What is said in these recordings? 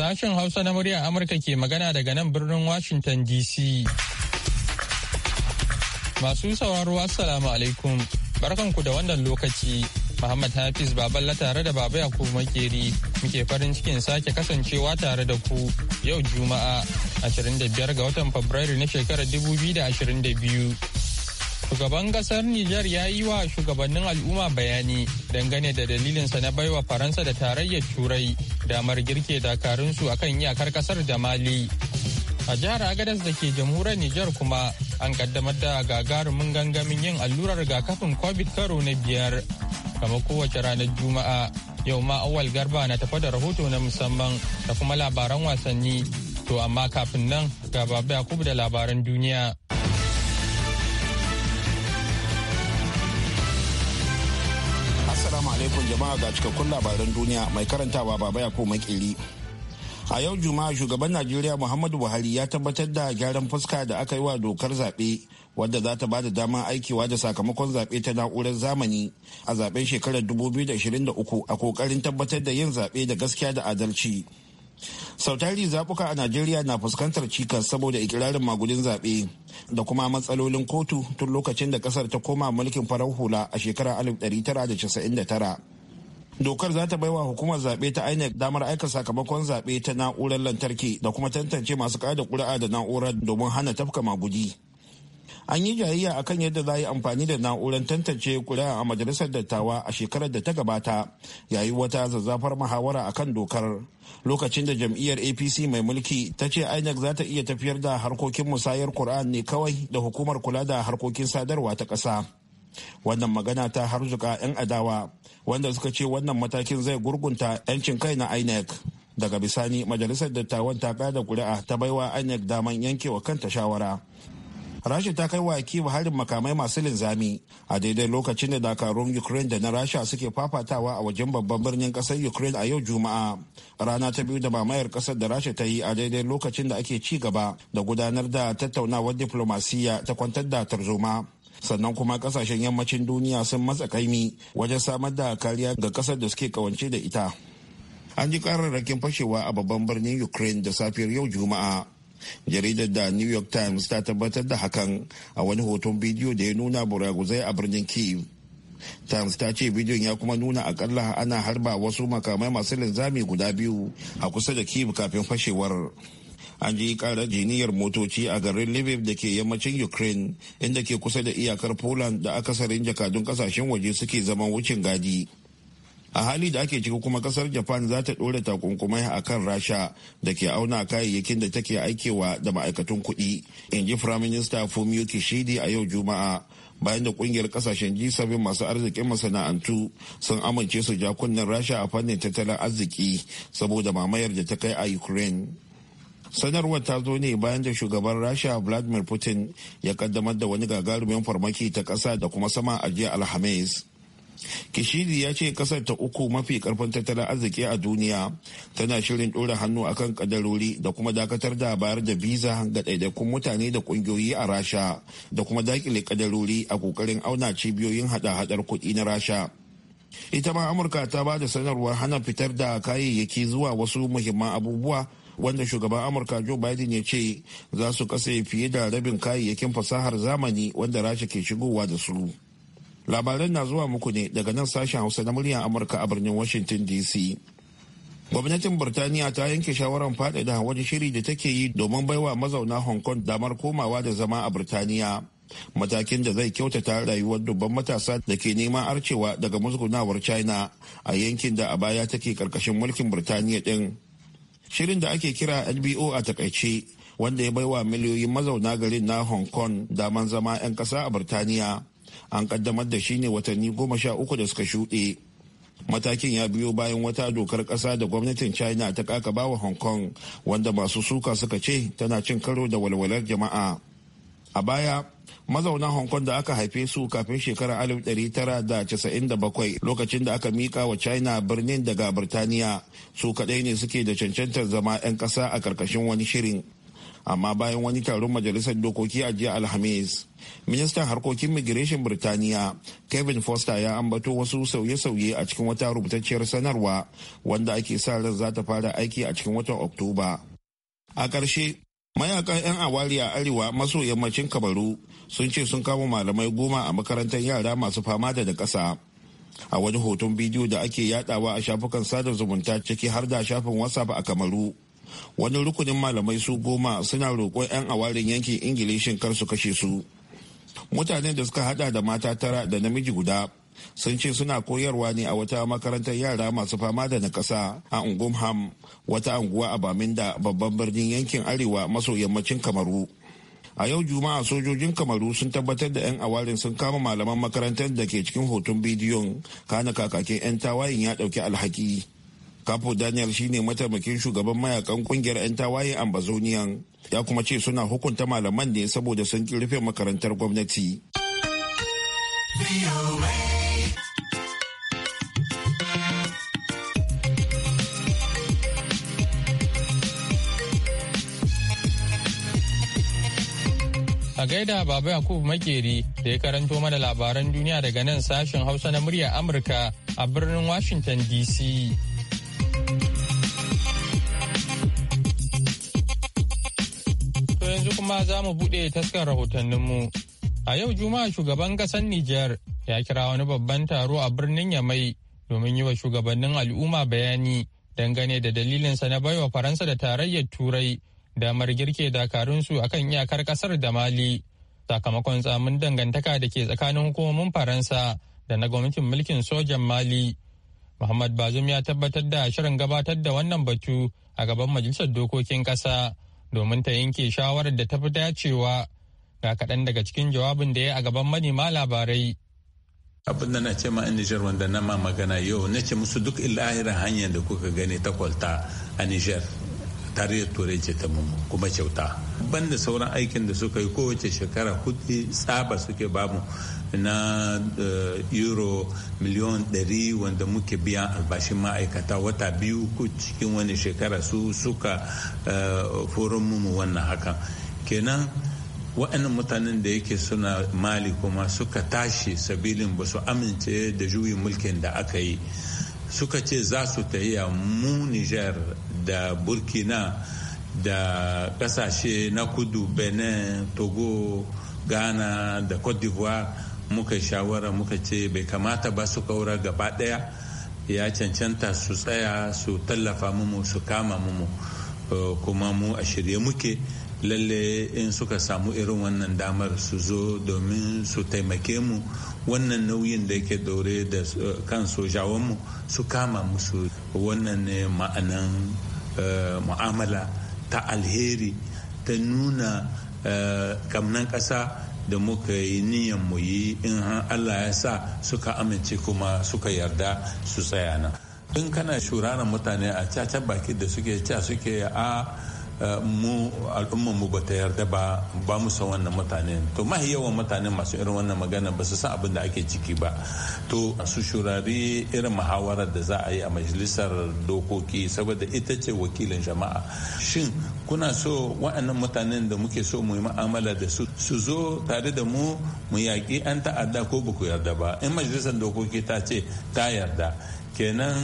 Sashen Hausa na murya Amurka ke magana daga nan birnin Washington DC. Masu sauraro Assalamu alaikum. Barkanku da wannan lokaci. Muhammad Hafiz Baballa tare da Baba yakub Makeri muke farin cikin sake kasancewa tare da ku yau Juma'a 25 ga watan Fabrairu na shekarar 2022. Shugaban kasar Nijar ya yi wa shugabannin al'umma bayani dangane da dalilinsa na baiwa Faransa da tarayyar Turai damar girke dakarunsu akan iyakar kasar da Mali. A jihar Agadas da ke jamhuriyar Nijar kuma an kaddamar da gagarumin gangamin yin allurar rigakafin covid karo na biyar kama kowace ranar juma'a yau ma awal garba na tafa da rahoto na musamman da kuma labaran wasanni to amma kafin nan ga baba da labaran duniya alaikum jama'a ga cikakkun labaran duniya mai karantawa baba ya ko makili. A yau Juma'a shugaban Najeriya Muhammadu Buhari ya tabbatar da gyaran fuska da aka yi wa dokar zaɓe wadda za ta bada dama aikewa da sakamakon zaɓe ta na'urar zamani a zaɓen shekarar 2023 a kokarin tabbatar da yin zaɓe da gaskiya da adalci. sautari zabuka a najeriya na fuskantar cikas saboda ikirarin magudin zaɓe da kuma matsalolin kotu tun lokacin da kasar ta koma mulkin farar hula a shekarar 1999 dokar za ta wa hukumar zaɓe ta inec damar aika sakamakon zaɓe ta na'urar lantarki da kuma tantance masu kada ƙuri'a da na'urar domin hana tafka magudi an yi jayayya akan yadda za a yi amfani da na'urar tantance kuri'a a majalisar dattawa a shekarar da ta gabata yayi wata zazzafar muhawara akan dokar lokacin da jam'iyyar apc mai mulki ta ce inec za ta iya tafiyar da harkokin musayar kuri'a ne kawai da hukumar kula da harkokin sadarwa ta ƙasa wannan magana ta harzuka 'yan adawa wanda suka ce wannan matakin zai gurgunta 'yancin kai na inec daga bisani majalisar dattawan ta kada kuri'a ta baiwa inec daman yankewa kanta shawara rasha ta kai wa kiev harin makamai masu linzami a daidai lokacin da dakarun ukraine da na rasha suke fafatawa a wajen babban birnin kasar ukraine a yau juma'a rana ta biyu da mamayar kasar da rasha ta yi a daidai lokacin da ake ci gaba da gudanar da tattaunawar diplomasiya ta kwantar da tarzoma sannan kuma kasashen yammacin duniya sun matsa kaimi wajen samar da kariya ga kasar da suke kawance da ita an ji kararrakin fashewa a babban birnin ukraine da safiyar yau juma'a jaridar da new york times ta tabbatar da hakan a wani hoton bidiyo da ya nuna buraguzai a birnin kiev times ta ce bidiyon ya kuma nuna akalla ana harba wasu makamai masu linzami guda biyu a kusa da kiev kafin fashewar an ji karar jiniyar motoci a garin lviv da ke yammacin ukraine inda ke kusa da iyakar poland da akasarin jakadun kasashen waje suke zaman wucin gadi a hali da ake ciki kuma kasar japan za ta ɗora takunkumai a kan rasha da ke auna kayayyakin da take aikewa da ma'aikatun kuɗi in ji firaminista fumio kishidi a yau juma'a bayan da kungiyar kasashen g7 masu arzikin masana'antu sun amince su ja kunnen rasha a fannin tattalin arziki saboda mamayar da ta kai a ukraine sanarwar ta zo ne bayan da shugaban rasha vladimir putin ya kaddamar da wani gagarumin farmaki ta ƙasa da kuma sama a jiya alhamis kishidi ya ce kasar ta uku mafi karfin tattalin arziki a duniya tana shirin ɗora hannu akan kadarori da kuma dakatar da bayar da visa ga ɗaiɗaikun mutane da ƙungiyoyi a rasha da kuma dakile kadarori a ƙoƙarin auna cibiyoyin hada-hadar kuɗi na rasha ita ma amurka ta ba da sanarwar hana fitar da kayayyaki zuwa wasu muhimman abubuwa wanda shugaban amurka joe biden ya ce za su kasa fiye da rabin kayayyakin fasahar zamani wanda rasha ke shigowa da su labaran na zuwa muku ne daga nan sashen hausa na muryar amurka a birnin washington dc gwamnatin burtaniya ta yanke shawarar faɗaɗa wani shiri da take yi domin baiwa mazauna hong kong damar komawa da zama a burtaniya matakin da zai kyautata rayuwar dubban matasa da ke neman arcewa daga musgunawar china a yankin da a baya take karkashin mulkin burtaniya din shirin da ake kira nbo a takaice wanda ya baiwa miliyoyin mazauna garin na hong kong daman zama 'yan ƙasa a burtaniya an kaddamar da shi ne watanni goma sha uku da suka shuɗe matakin ya biyo bayan wata dokar ƙasa da gwamnatin china ta kakaba wa hong kong wanda masu suka suka ce tana cin karo da walwalar jama'a a baya mazauna hong kong da aka haife su kafin shekarar 1997 lokacin da aka mika wa china birnin daga birtaniya su kadai ne suke da cancantar zama 'yan ƙasa a ƙarƙashin wani shirin amma bayan wani taron majalisar dokoki a jiya alhamis ministan harkokin migration birtaniya kevin foster ya ambato wasu sauye-sauye a cikin wata rubutacciyar sanarwa wanda ake sa ran za ta fara aiki a cikin watan oktoba a ƙarshe mayakan 'yan awari a arewa maso yammacin kabaru sun ce sun kama malamai goma a makarantar yara masu fama da da ƙasa a wani hoton bidiyo da ake yadawa a shafukan sada zumunta ciki har da shafin whatsapp a kamaru wani rukunin malamai su goma suna roƙon 'yan awarin yankin ingilishin kar su kashe su mutanen da suka hada da mata tara da namiji guda sun ce suna koyarwa ne a wata makarantar yara masu fama da nakasa a ungumham wata anguwa a baminda babban birnin yankin arewa maso yammacin kamaru a yau juma'a sojojin kamaru sun tabbatar da 'yan awarin sun kama malaman makarantar da ke cikin hoton bidiyon kana kakakin 'yan tawayin ya dauki alhaki kapo daniel shine mataimakin shugaban mayakan kungiyar 'yan tawaye ambazonian ya kuma ce suna hukunta malaman ne saboda sun ki rufe makarantar gwamnati a gaida baba yakubu makeri da ya karanto mana labaran duniya daga nan sashen hausa na murya amurka a birnin washington dc yanzu kuma za mu buɗe taskar rahotanninmu. A yau Juma'a shugaban ƙasar Nijar ya kira wani babban taro a birnin Yamai domin yi wa shugabannin al'umma bayani dangane da dalilinsa na baiwa Faransa da tarayyar Turai damar girke dakarunsu a kan iyakar ƙasar da Mali sakamakon tsamin dangantaka da ke tsakanin hukumomin Faransa da na gwamnatin mulkin sojan Mali. Muhammad Bazum ya tabbatar da shirin gabatar da wannan batu a gaban Majalisar Dokokin Ƙasa. domin ta yanke shawarar da ta fi dacewa ga kaɗan daga cikin jawabin da ya a gaban manema labarai. abin da na ce ma Nijar wanda na ma magana yau na ce musu duk ilahirin hanyar da kuka gani ta kwalta a Nijar tarayyar turai ce ta mummu kuma kyauta banda sauran aikin da suka yi kowace shekara hudu tsaba suke bamu na eh, euro miliyon 100 wanda muke biyan albashin ma'aikata wata biyu ko cikin wani shekara su suka foron eh, mu wannan haka kenan waɗannan mutanen da yake suna mali kuma suka tashi sabilin ba su amince da juyin mulkin da aka yi suka ce za su tahiya mu niger da burkina da ƙasashe na kudu benin togo ghana da cote d'ivoire muka shawara muka ce bai kamata ba su kaura gaba daya ya cancanta su tsaya su tallafa mu su kama mu eh, kuma mu a shirye muke lalle in suka samu irin wannan damar su zo domin su taimake mu wannan nauyin da yake dore da eh, kan mu su kama musu wannan ne ma'anan eh, mu'amala ta alheri ta nuna kamnan ƙasa da muka yi niyan mu yi in Allah ya sa suka amince kuma suka yarda su tsaya nan in kana shuraran mutane a caca baki da suke ca suke a mu al'umman mu bata yarda ba ba mu san wannan mutanen to mahi yawan mutanen masu irin wannan magana ba su san abin da ake ciki ba to su shurari irin muhawarar da za a yi a majalisar dokoki saboda ita ce wakilin jama'a shin kuna so wa'annan mutanen da muke so mu yi ma'amala da su su zo tare da mu mu yaƙi 'yan ta'adda ko ba ku yarda ba in majalisar dokoki ta ce ta yarda kenan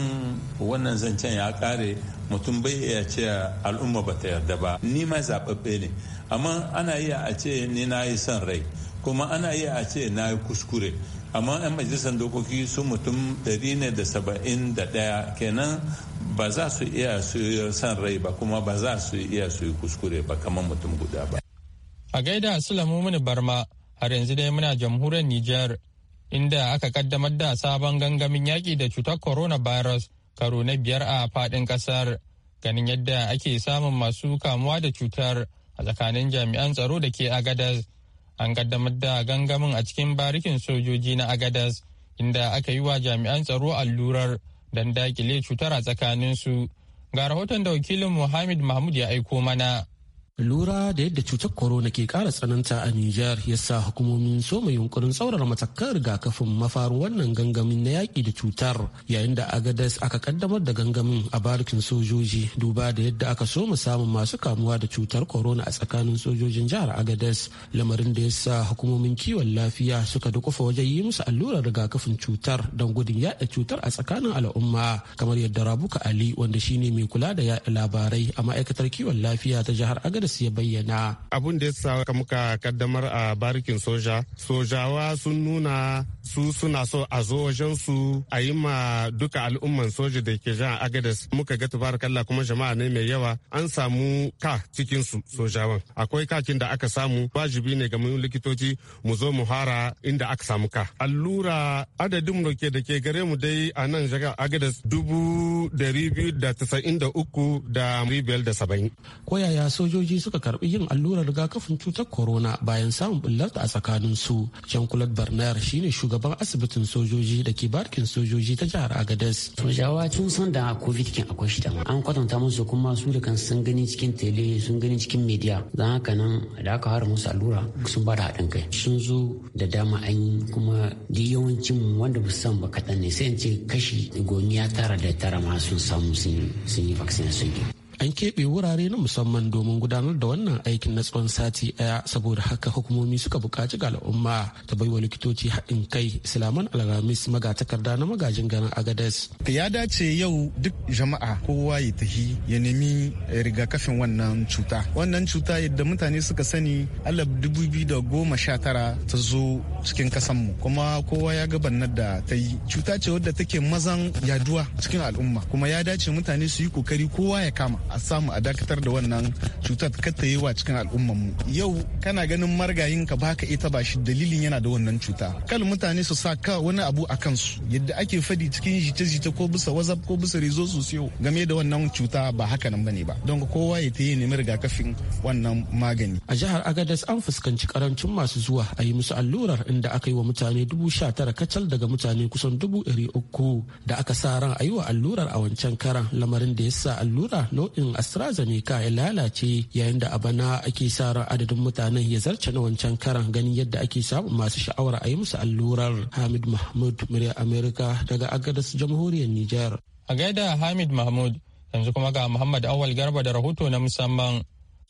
wannan zancen ya kare mutum bai iya ce al'umma ba ta yarda ba ni ma zaɓaɓɓe ne amma ana iya a ce ni na yi son rai kuma ana iya a ce na yi kuskure amma 'yan majalisar dokoki su mutum 171 kenan ba za su iya su yi son rai ba kuma ba za su iya su yi kuskure ba kamar mutum guda ba. A gaida Sulamu mini barma har yanzu dai muna jamhuriyar Nijar inda aka kaddamar da sabon gangamin yaƙi da cutar coronavirus karo na biyar a faɗin ƙasar ganin yadda ake samun masu kamuwa da cutar a tsakanin jami'an tsaro da ke agadas an kaddamar da gangamin a cikin barikin sojoji na agadas inda aka yi wa jami'an tsaro allurar don dakile cutar a tsakaninsu ga rahoton da wakilin muhammad mahmud ya aiko mana Lura da yadda cutar corona ke kara tsananta a Nijar ya sa hukumomin soma yunkurin tsaurar matakan rigakafin mafarin wannan gangamin na yaƙi da cutar yayin da Agadas aka kaddamar da gangamin a barikin sojoji duba da yadda aka soma samun masu kamuwa da cutar corona a tsakanin sojojin jihar Agadas lamarin da ya sa hukumomin kiwon lafiya suka dukufa wajen yi musu allurar rigakafin cutar don gudun yaɗa cutar a tsakanin al'umma kamar yadda Rabuka Ali wanda shine mai kula da yaɗa labarai a ma'aikatar kiwon lafiya ta jihar Agadas Harris ya bayyana. Abin da ya sa muka kaddamar a barikin soja, sojawa sun nuna su suna so a zo wajen su a yi ma duka al'umman soja da ke jan Agadez muka ga tabarakallah kuma jama'a ne mai yawa an samu ka cikin su sojawan. Akwai kakin da aka samu wajibi ne ga mun likitoci mu zo mu hara inda aka samu ka. Allura adadin da da ke gare mu dai a nan jaga Agadez dubu dari biyu da tasa'in da uku da biyar da saba'in. Koyaya sojoji suka karbi yin allurar rigakafin cutar corona bayan samun bullarta a tsakanin su. Jean Claude Barnard shine shugaban asibitin sojoji da ke barkin sojoji ta jihar agadas. Sojawa sun san da covid kin akwai shida. An kwatanta musu kuma su da kan sun gani cikin tele sun gani cikin media. zan haka nan da aka fara musu allura sun bada da haɗin kai. Sun zo da dama an yi kuma da yawancin wanda ba san ba kaɗan ne sai in ce kashi goniya tara da tara ma sun samu sun yi vaccination. an keɓe wurare na musamman domin gudanar da wannan aikin na tsawon sati ɗaya saboda haka hukumomi suka buƙaci ga al'umma ta wa likitoci haɗin kai silaman alhamis magatakarda na magajin garin agades ya dace yau duk jama'a kowa ya tafi ya nemi rigakafin wannan cuta wannan cuta yadda mutane suka sani alab dubu biyu da goma sha tara ta zo cikin kasanmu kuma kowa ya bannar da ta yi cuta ce wadda take mazan yaduwa cikin al'umma kuma ya dace mutane su yi kokari kowa ya kama a samu a dakatar da wannan cutar ta yi wa cikin al'ummar mu yau kana ganin margayin ka ba baka ita ba shi dalilin yana da wannan cuta kal mutane su sa ka wani abu a kansu yadda ake fadi cikin jita-jita ko bisa wazab ko bisa rezo sosiyo game da wannan cuta ba haka nan bane ba don kowa ya ta yi nemi rigakafin wannan magani a jihar agadas an fuskanci karancin masu zuwa a yi musu allurar inda aka yi wa mutane dubu sha tara kacal daga mutane kusan dubu ɗari uku da aka sa ran a yi wa allurar a wancan karan lamarin da ya sa allura na nau'in AstraZeneca ya lalace yayin da a bana ake sa ran adadin mutanen ya zarce na wancan karan ganin yadda ake samun masu sha'awar a yi musu allurar. Hamid Mahmud murya Amerika daga Agadas Jamhuriyar Nijar. A gaida Hamid Mahmud yanzu kuma ga Muhammad Awal Garba da rahoto na musamman.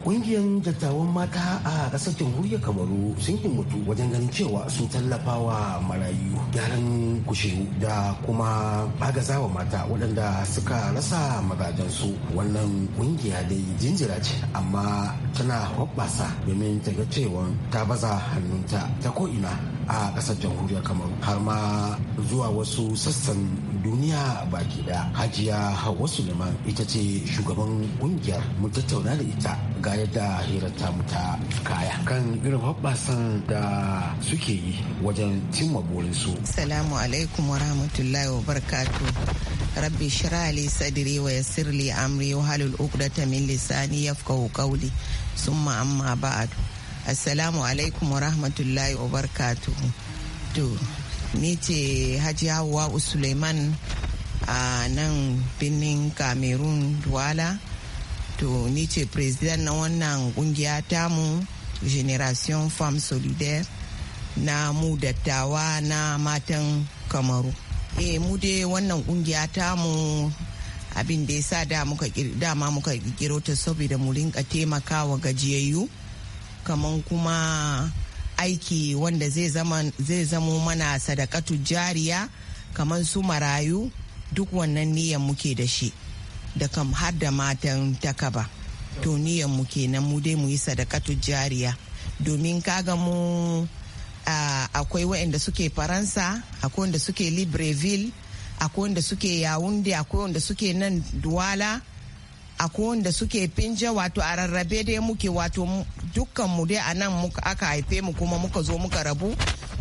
Ƙungiyar dattawan mata a ƙasar jamhuriyar Kamaru sun mutu wajen ganin cewa sun tallafa wa marayu gyaran kushiru da kuma bagazawa mata waɗanda suka rasa su. Wannan ƙungiya dai jinjira ce amma tana hoɓɓasa domin ta ga cewa ta baza hannunta ta ko'ina a kasar jamhuriyar kamar har ma zuwa wasu sassan duniya baki daya hajiya hawa suleiman ita ce shugaban kungiyar mu tattauna da ita ga yadda hirarta mu ta kaya kan irin hoɓɓasan da suke yi wajen cimma burinsu salamu alaikum wa rahmatullahi wa barkatu rabbi shirali sadri wa yassirli amri wa halul uqdata min lisani yafqahu qawli summa amma ba'du assalamu alaikum wa rahmatullahi wa barkatu. to ni ce hajiya hawa suleiman a nan birnin cameroon duwala to ni ce president na wannan kungiya tamu generation femme solidaire na mu dattawa na matan kamaru e mu dai wannan kungiya tamu abin da ya sa dama muka kirkiro ta saboda mu rinka taimakawa gajiyayyu kaman kuma aiki wanda zai zamo mana sadakatu jariya kaman su marayu duk wannan niyan muke da shi da kam har da matan takaba to niyan mu kenan mu dai mu yi sadakatu jariya domin kaga mu akwai waɗanda suke faransa akwai wanda suke libreville akwai wanda suke yawunde akwai wanda suke nan duwala a wanda suke finje wato a rarrabe dai muke wato dukkan mu dai a nan aka haife mu kuma muka zo muka rabu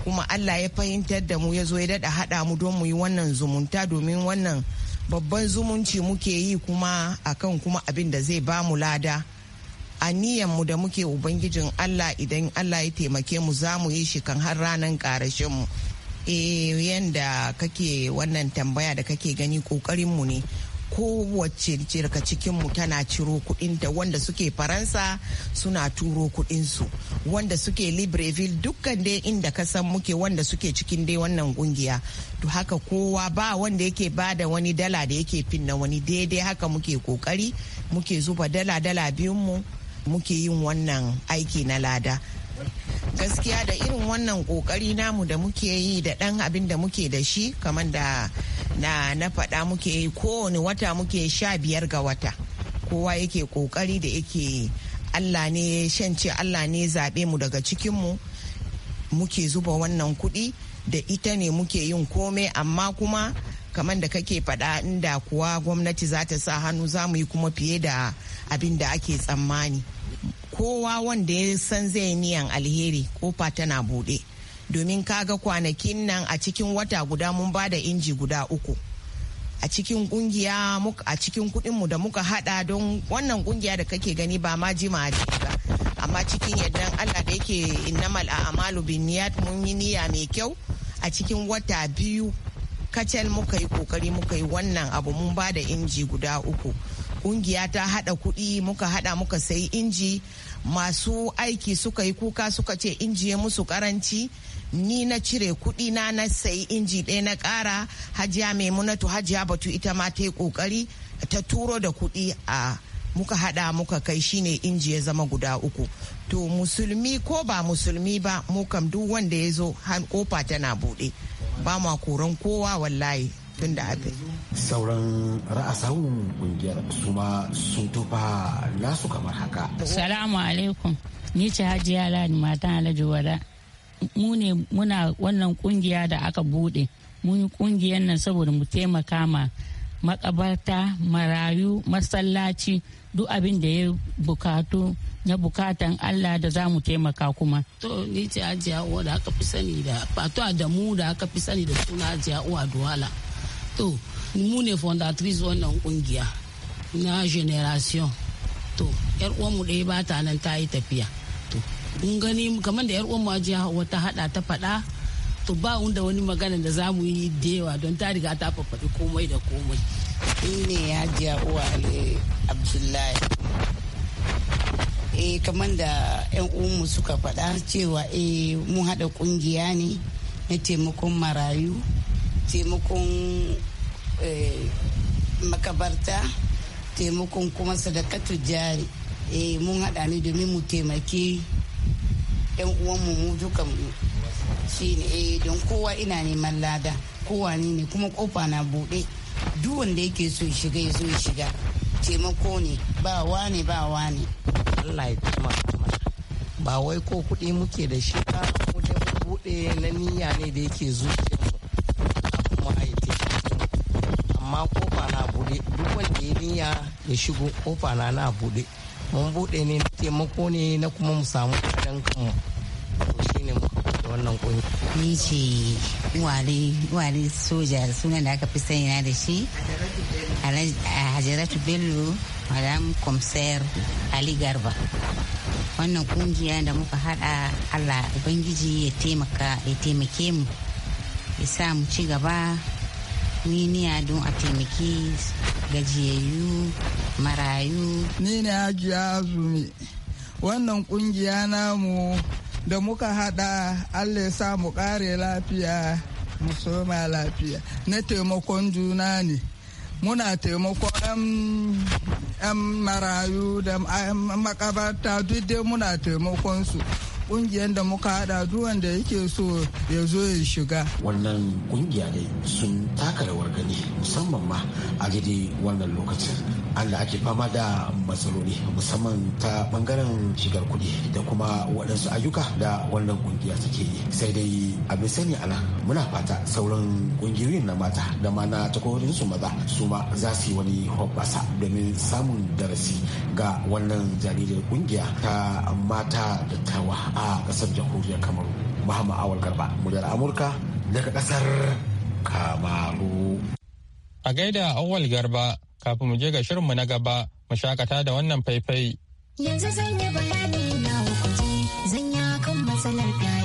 kuma Allah ya fahimtar da mu ya zo ya dada haɗa mu don mu yi wannan zumunta domin wannan babban zumunci muke yi kuma akan kuma abin da zai ba mu lada aniyan mu da muke ubangijin Allah idan Allah ya taimake mu za mu yi shi kan har ranar karashe mu eh yanda kake wannan tambaya da kake gani kokarin mu ne kowace cikin mu tana ciro da wanda suke faransa suna turo su wanda suke libreville dukkan dai inda ka san muke wanda suke cikin dai wannan kungiya to haka kowa ba wanda yake ba da wani dala da yake finna wani daidai haka muke kokari muke zuba dala dala biyun mu muke yin wannan aiki na lada gaskiya da irin wannan kokari namu da muke yi da dan abin da muke da shi kamar da na na faɗa muke kowane wata muke sha biyar ga wata kowa yake kokari da yake allah ne shance allah ne zaɓe mu daga cikinmu muke zuba wannan kuɗi da ita ne muke yin kome amma kuma kamar da kake faɗa inda kuwa gwamnati za ta sa hannu za mu yi kuma fiye da abin da ake tsammani kowa wanda ya san zai niyan alheri kofa tana buɗe domin kaga kwanakin nan a cikin wata guda mun ba da inji guda uku a cikin kungiya a cikin kudinmu da muka hada don wannan kungiya da kake gani ba ma jima a ba amma cikin yadda allah da yake innamal a amalu bin mun yi niyya mai kyau a cikin wata biyu kacal muka yi kokari muka yi wannan abu mun ba da inji guda uku kungiya ta hada kuɗi muka hada muka sayi inji masu aiki suka yi kuka suka ce inji ya musu karanci ni na cire kuɗi na na sayi inji ɗaya na ƙara hajiya mai munatu hajiya batu ita ma ta yi ƙoƙari ta turo da kuɗi a muka hada muka kai shine inji ya zama guda uku to musulmi ko ba musulmi ba mu kam duk wanda ya zo kofa tana buɗe ba ma koran kowa wallahi tun da abin sauran ra'asawun kungiyar su ma sun tofa nasu kamar haka. Salamu alaikum, ni ce hajiya lani matan alaji wada. Mu ne muna wannan kungiya da aka bude, mun yi kungiyar nan saboda mu taimaka ma makabarta, marayu, masallaci, duk abin da ya bukatu na bukatan Allah da za mu taimaka kuma. To ni ce hajiya uwa da aka fi sani da, fato da mu da aka fi sani da suna hajiya uwa duwala. To mu ne fondatrice wannan kungiya na generation to yar uwanmu ɗaya ba ta nan ta yi tafiya to mun gani kamar da yar uwanmu ajiya wata hada ta faɗa to ba wanda wani magana da za mu yi da yawa don ta riga ta faɗi komai da komai in ne ya jiya uwa ali abdullahi eh kamar da yan uwanmu suka faɗa cewa eh mun haɗa kungiya ne na taimakon marayu taimakon Eh, makabarta taimakon kuma sadakatu jari eh, mun haɗa ne domin mu taimaki yan uwanmu mu duka mu shi ne eh don kowa ina neman lada kowa ne ne kuma kofa na buɗe duwan da yake so shiga ya zo shiga taimako ne ba wane ba wane Allah ya kuma ba wai ko kuɗi muke da shi ba mu da buɗe na niyya ne da yake zuciyarmu kuma amma kofa na bude duk wanda ya niyya ya shigo kofa na na bude mun bude ne na taimako ne na kuma mu samu kadan kanmu to shine da wannan kungiya ni ce wale wale soja suna da aka fi sanya da shi eh, hajaratu bello madam komsar ali garba wannan kungiya da muka hada allah ubangiji ya taimaka ya taimake mu ya sa mu ci gaba ne a don a taimaki gajiyayyu marayu ni ne hajiya azumi wannan kungiya namu da muka hada allah ya sa mu kare lafiya mu soma lafiya na taimakon juna ne muna taimakon yan marayu da makabarta duk dai muna taimakon su kungiyar da muka hada duwan da yake so ya zo ya shiga wannan kungiya ne sun taka rawar gani musamman ma a gidi wannan lokacin da ake fama da matsaloli musamman ta bangaren shigar kuɗi da kuma waɗansu ayyuka da wannan kungiya suke yi sai dai abin sani nan muna fata sauran kungiyoyin na mata da ma na takwarorin su maza su ma za su yi wani hoɓɓasa domin samun darasi ga wannan jaridar kungiya ta mata da tawa a ƙasar jamhuriyar kamaru mahama awal garba muryar amurka daga ƙasar kamaru a gaida awal garba kafin mu je ga shirinmu na gaba mu shakata da wannan faifai. Yanzu zan yi bayani na hukunci zan yi akan matsalar gari.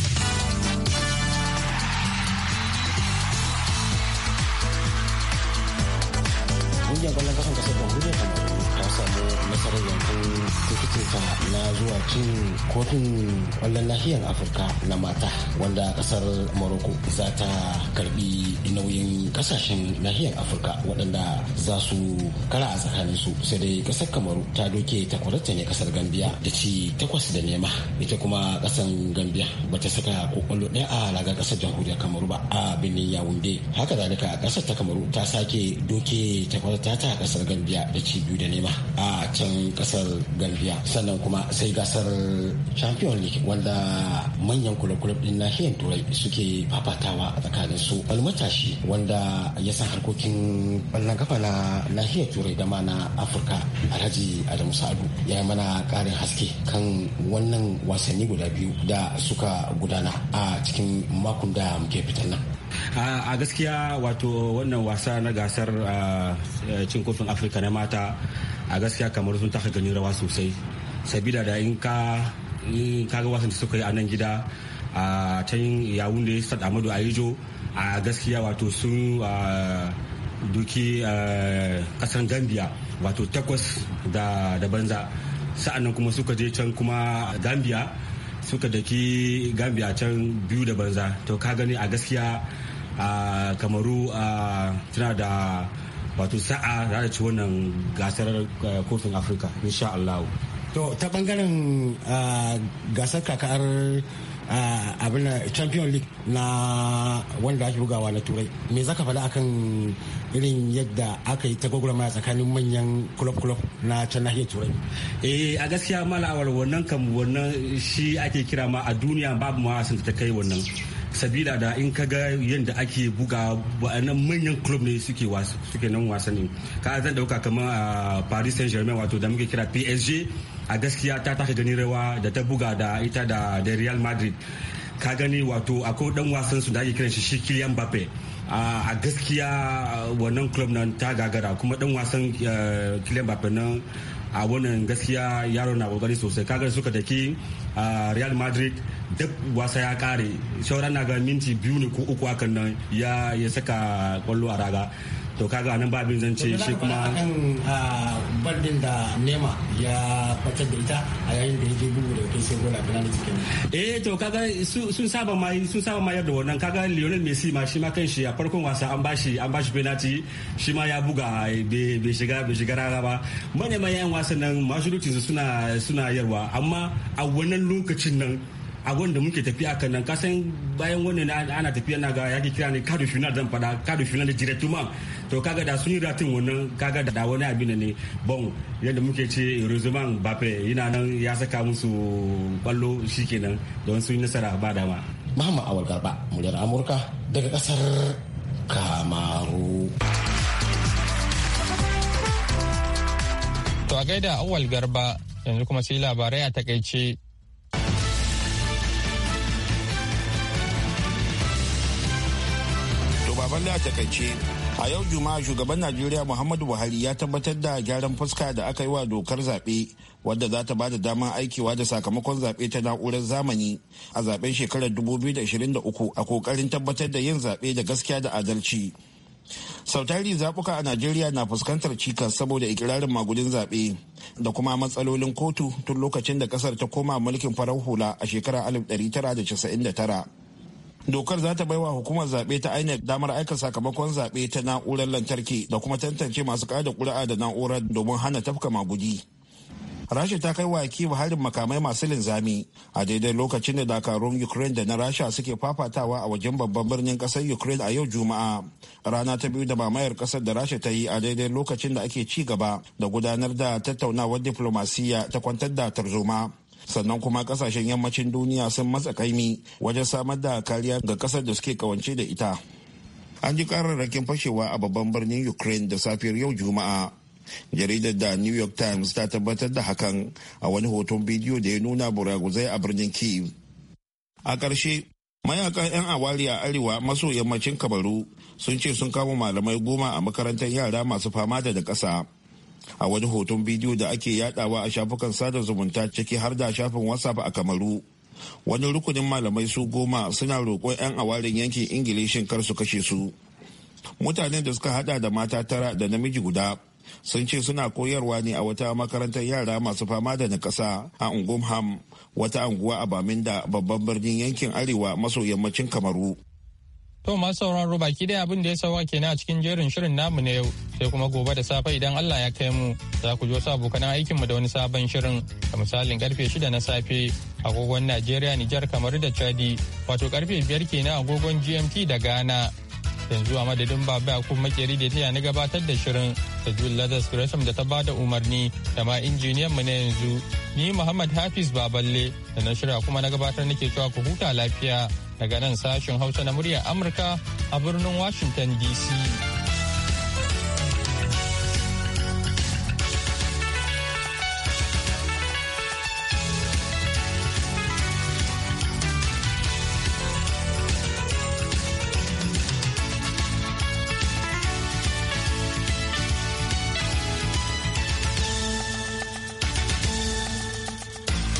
kafofin kwallon nahiyar afirka na mata wanda kasar morocco za ta karbi nauyin kasashen nahiyar afirka waɗanda za su kara a tsakanin su sai dai kasar kamaru ta doke takwarata ne kasar gambia da ci takwas da nema ita kuma kasar gambia bata saka kokwallo ɗaya a ragar kasar jamhuriyar kamaru ba a birnin yawunde haka zalika kasar ta kamaru ta sake doke takwarata ta kasar gambia da ci biyu da nema a can kasar gambia sannan kuma sai gasar champion league wanda manyan kula-kula din nahiyar turai suke fafatawa a tsakanin su wani matashi wanda ya san harkokin ballon kafa na nahiyar turai da ma na afirka alhaji adamu sa'adu ya mana karin haske kan wannan wasanni guda biyu da suka gudana a cikin makon da muke fitar nan a gaskiya wato wannan wasa na gasar cin kofin afirka na mata a gaskiya kamar sun taka gani rawa sosai sabida da in ka in kaga wasan da suka yi a nan gida a can yawun da ya sada amadu a yijo a gaskiya wato sun duki kasar gambia wato takwas da banza sa'annan kuma suka je can kuma gambia suka daki gambia can biyu da banza to ka gani a gaskiya a kamaru tana da wato sa'a za ci wannan gasar eh, kofin afirka insha Allah. to ta bangaren gasar kakar abin champion league na wanda ake bugawa na turai me zaka faɗa akan irin yadda aka yi ta gwagwarmaya tsakanin manyan kulob-kulob na can nahiyar turai eh a gaskiya malawar wannan kam wannan shi ake kira ma a duniya babu ma sun ta kai wannan sabila da in ka ga yadda ake buga wa'annan manyan club ne suke suke nan wasanni ka zan dauka kamar a paris saint germain wato da muke kira psg a gaskiya ta tashi gani rawa da ta buga da ita da da real madrid ka gani wato akwai dan wasan su da ake kiran shi shi Kylian Mbappe a gaskiya wannan club nan ta gagara kuma dan wasan eh, Kylian Mbappe nan a wannan gaskiya yaro na kokari sosai kaga suka daki Real Madrid duk wasa ya kare shawara na ga minti biyu ne ko uku hakan nan ya saka kwallo a raga to kaga nan babin zan shi kuma ah, bandin da nema ya fatar da ita a yayin da yake bugu da kai sai gola penalty kenan eh to kaga sun saba ma sun saba mai yadda wannan kaga Lionel Messi ma shi ma kanshi a farkon wasa an bashi an bashi penalty shi ma ya buga bai shiga bai shiga rara ba manema yayan wasan nan mashuruci suna suna yarwa amma a wannan lokacin nan a da muke tafiya akan nan kasan bayan wannan ana tafiya na ga yaki kira ne kado final zan fada kado final da directement to kaga da sun yi ratin wannan kaga da wani abin ne bon yadda muke ce roseman bape yana nan ya saka musu kwallo shi shikenan don sun yi nasara ba dama Muhammad Awal Garba muryar Amurka daga kasar Kamaru To a gaida Awal Garba yanzu kuma sai labarai a takaice baban da takaice a yau juma'a shugaban najeriya muhammadu buhari ya tabbatar da gyaran fuska da aka yi wa dokar zaɓe wadda za ta bada damar aikewa da sakamakon zaɓe ta na'urar zamani a zaɓen shekarar 2023 a kokarin tabbatar da yin zaɓe da gaskiya da adalci sautari zaɓuka a najeriya na fuskantar cikas saboda ikirarin magudin zaɓe da kuma matsalolin kotu tun lokacin da ƙasar ta koma mulkin farar hula a shekarar 1999 dokar za ta baiwa hukumar zaɓe ta inec damar aika sakamakon zaɓe ta na'urar lantarki da kuma tantance masu kada ƙuri'a da na'urar domin hana tafka magudi rasha ta kai waki ba harin makamai masu linzami a daidai lokacin da dakarun ukraine da na rasha suke fafatawa a wajen babban birnin kasar ukraine a yau juma'a rana ta biyu da mamayar kasar da rasha ta yi a daidai lokacin da ake ci gaba da gudanar da tattaunawar diflomasiyya ta kwantar da tarzoma sannan kuma kasashen yammacin duniya sun matsa kaimi wajen samar da kariya ga kasar da suke kawance da ita an ji kararrakin fashewa a babban birnin ukraine da safiyar yau juma'a jaridar da new york times ta tabbatar da hakan a wani hoton bidiyo da ya nuna buraguzai a birnin kiev a ƙarshe mayakan 'yan awali a arewa maso yammacin kabaru sun ce sun kama malamai goma a makarantar yara masu fama da da ƙasa a wani hoton bidiyo da ake yadawa a shafukan sada zumunta ciki har da shafin whatsapp a kamaru wani rukunin malamai su goma suna roƙon 'yan awarin yankin ingilishin kar su kashe su mutanen da suka hada da mata tara da namiji guda sun ce suna koyarwa ne a wata makarantar yara masu fama da nakasa a ungumham wata anguwa a baminda babban birnin yankin arewa maso yammacin kamaru To masu sauraro baki da abin da ya sauka kenan a cikin jerin shirin namu na yau sai kuma gobe da safe idan Allah ya kai mu za ku ji wasu abokan aikin mu da wani sabon shirin da misalin karfe 6 na safe agogon Najeriya Nijar kamar da Chadi wato karfe 5 kenan agogon GMT da Ghana yanzu a madadin a yakub makeri da taya na gabatar da shirin da Jul Lazarus Gresham da ta ba da umarni da ma injiniyan mu na yanzu ni Muhammad Hafiz Baballe da na shirya kuma na gabatar nake cewa ku huta lafiya. daga nan sashen hausa na muryar amurka a birnin washington dc